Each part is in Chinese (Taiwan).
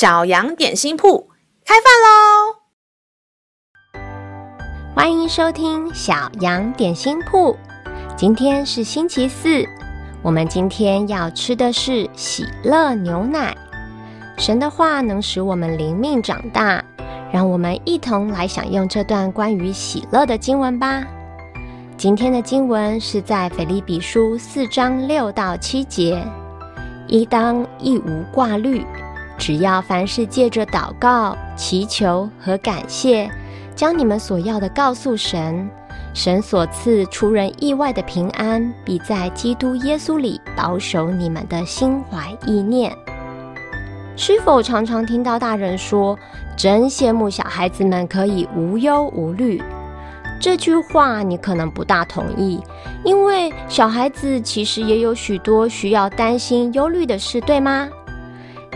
小羊點心鋪開飯嘍！歡迎收聽小羊點心鋪。今天是星期四，我們今天要吃的是喜樂牛奶。神的話能使我們靈命長大，讓我們一同來享用這段關於喜樂的經文吧。今天的經文是在腓立比書四章六到七節：“應當一無掛慮。”只要凡事借着禱告、祈求和感謝，將你們所要的告訴神，神所賜出人意外的平安，必在基督耶穌裡保守你們的心懷意念。是否常常聽到大人說“真羨慕小孩子們可以無憂無慮”？這句話你可能不大同意，因為小孩子其實也有許多需要擔心、憂慮的事，對嗎？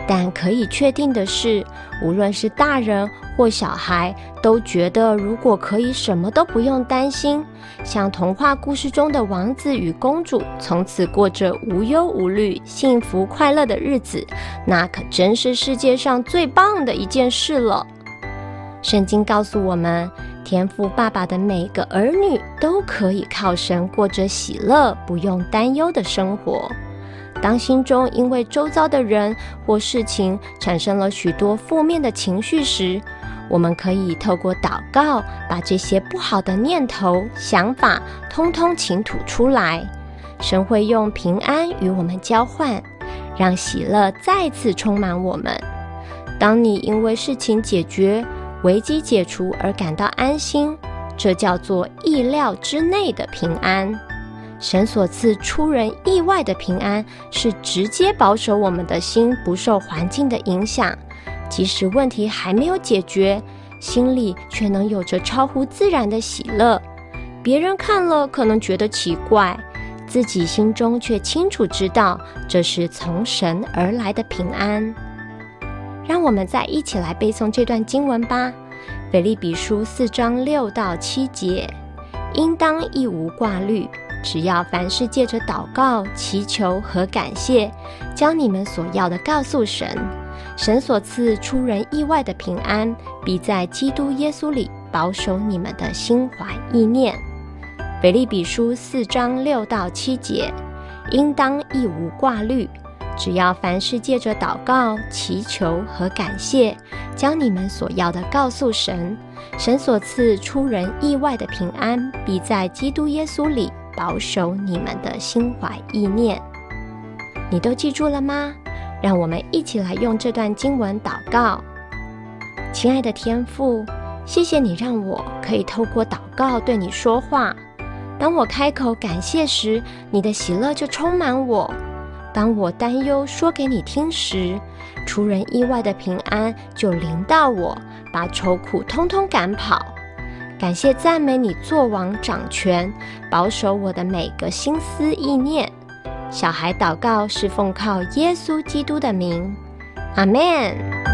但可以確定的是，無論是大人或小孩，都覺得如果可以什麼都不用擔心，像童話故事中的王子與公主，從此過着無憂無慮、幸福快樂的日子，那可真是世界上最棒的一件事了。聖經告訴我們，天父爸爸的每一個兒女都可以靠神過着喜樂、不用擔憂的生活。當心中因為周遭的人或事情產生了許多負面的情緒時，我們可以透過禱告把這些不好的念頭、想法通通傾吐出來。神會用平安與我們交換，讓喜樂再次充滿我們。當你因為事情解決、危機解除而感到安心，這叫做意料之內的平安。神所賜出人意外的平安，是直接保守我們的心不受環境的影響，即使問題還沒有解決，心裡卻能有着超乎自然的喜樂。別人看了可能覺得奇怪，自己心中卻清楚知道這是從神而來的平安。讓我們再一起來背誦這段經文吧，《腓立比書》四章六到七節，應當一無掛慮。只要凡事借着禱告、祈求和感謝，將你們所要的告訴神，神所賜出人意外的平安，必在基督耶穌裡保守你們的心懷意念。腓立比書四章六到七節，應當一無掛慮。只要凡事借着禱告、祈求和感謝，將你們所要的告訴神，神所賜出人意外的平安，必在基督耶穌裡。保守你們的心懷意念，你都記住了嗎？讓我們一起來用這段經文禱告。親愛的天父，謝謝你讓我可以透過禱告對你說話。當我開口感謝時，你的喜樂就充滿我；當我擔憂說給你聽時，出人意外的平安就臨到我，把愁苦通通趕跑。感謝讚美你，作王掌權，保守我的每個心思意念。小孩禱告是奉靠耶穌基督的名，阿門。